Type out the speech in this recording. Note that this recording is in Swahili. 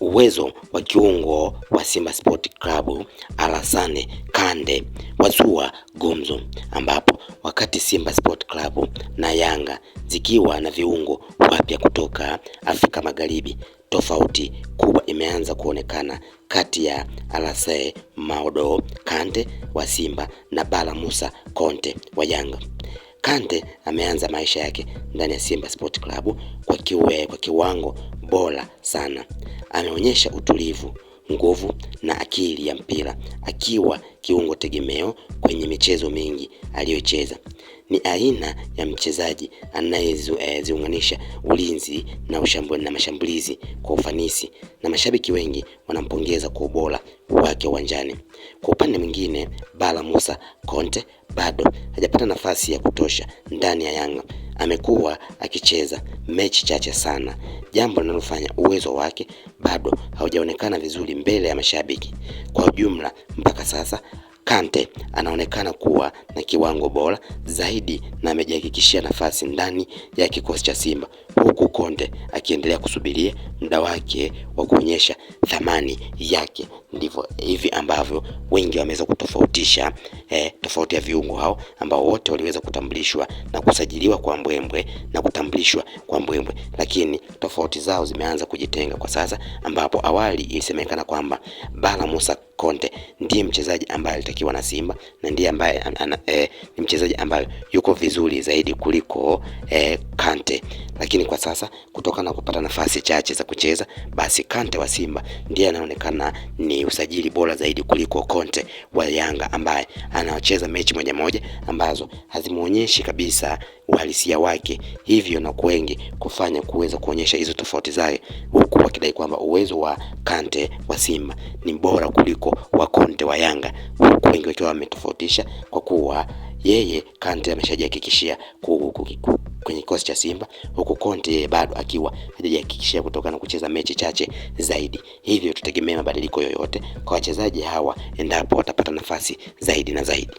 uwezo wa kiungo wa Simba Sport Club Alasane Kande wazua gumzo, ambapo wakati Simba Sport Club na Yanga zikiwa na viungo wapya kutoka Afrika Magharibi, tofauti kubwa imeanza kuonekana kati ya Alasane Maodo Kante wa Simba na Bala Musa konte wa Yanga. Kante ameanza maisha yake ndani ya Simba Sport Club kwa kiwe, kwa kiwango bora sana. Ameonyesha utulivu, nguvu na akili ya mpira, akiwa kiungo tegemeo kwenye michezo mingi aliyocheza. Ni aina ya mchezaji anayeziunganisha ulinzi na ushambuli na mashambulizi kwa ufanisi, na mashabiki wengi wanampongeza kwa ubora wake uwanjani. Kwa upande mwingine, Bala Musa Conte bado hajapata nafasi ya kutosha ndani ya Yanga amekuwa akicheza mechi chache sana, jambo linalofanya uwezo wake bado haujaonekana vizuri mbele ya mashabiki kwa ujumla mpaka sasa. Kante anaonekana kuwa na kiwango bora zaidi na amejihakikishia nafasi ndani ya kikosi cha Simba huku konte akiendelea kusubiria muda wake wa kuonyesha thamani yake. Ndivyo hivi ambavyo wengi wameweza kutofautisha eh, tofauti ya viungo hao ambao wote waliweza kutambulishwa na kusajiliwa kwa mbwembwe na kutambulishwa kwa mbwembwe, lakini tofauti zao zimeanza kujitenga kwa sasa, ambapo awali ilisemekana kwamba Bala Musa Conte ndiye mchezaji ambaye alitakiwa na Simba na ndiye ambaye e, ni mchezaji ambaye yuko vizuri zaidi kuliko e, Kante, lakini kwa sasa kutokana na kupata nafasi chache za kucheza, basi Kante wa Simba ndiye anaonekana ni usajili bora zaidi kuliko Conte wa Yanga ambaye anaocheza mechi moja moja ambazo hazimuonyeshi kabisa uhalisia wake, hivyo na kuwengi kufanya kuweza kuonyesha hizo tofauti zake, huku wakidai kwamba uwezo wa Kante wa Simba ni bora kuliko wa Conte wa Yanga, huku wengi wakiwa wametofautisha kwa kuwa yeye Kante ameshajihakikishia kwenye kikosi cha Simba, huku Conte bado akiwa hajajihakikishia kutokana kucheza mechi chache zaidi, hivyo tutegemea mabadiliko yoyote kwa wachezaji hawa endapo watapata nafasi zaidi na zaidi.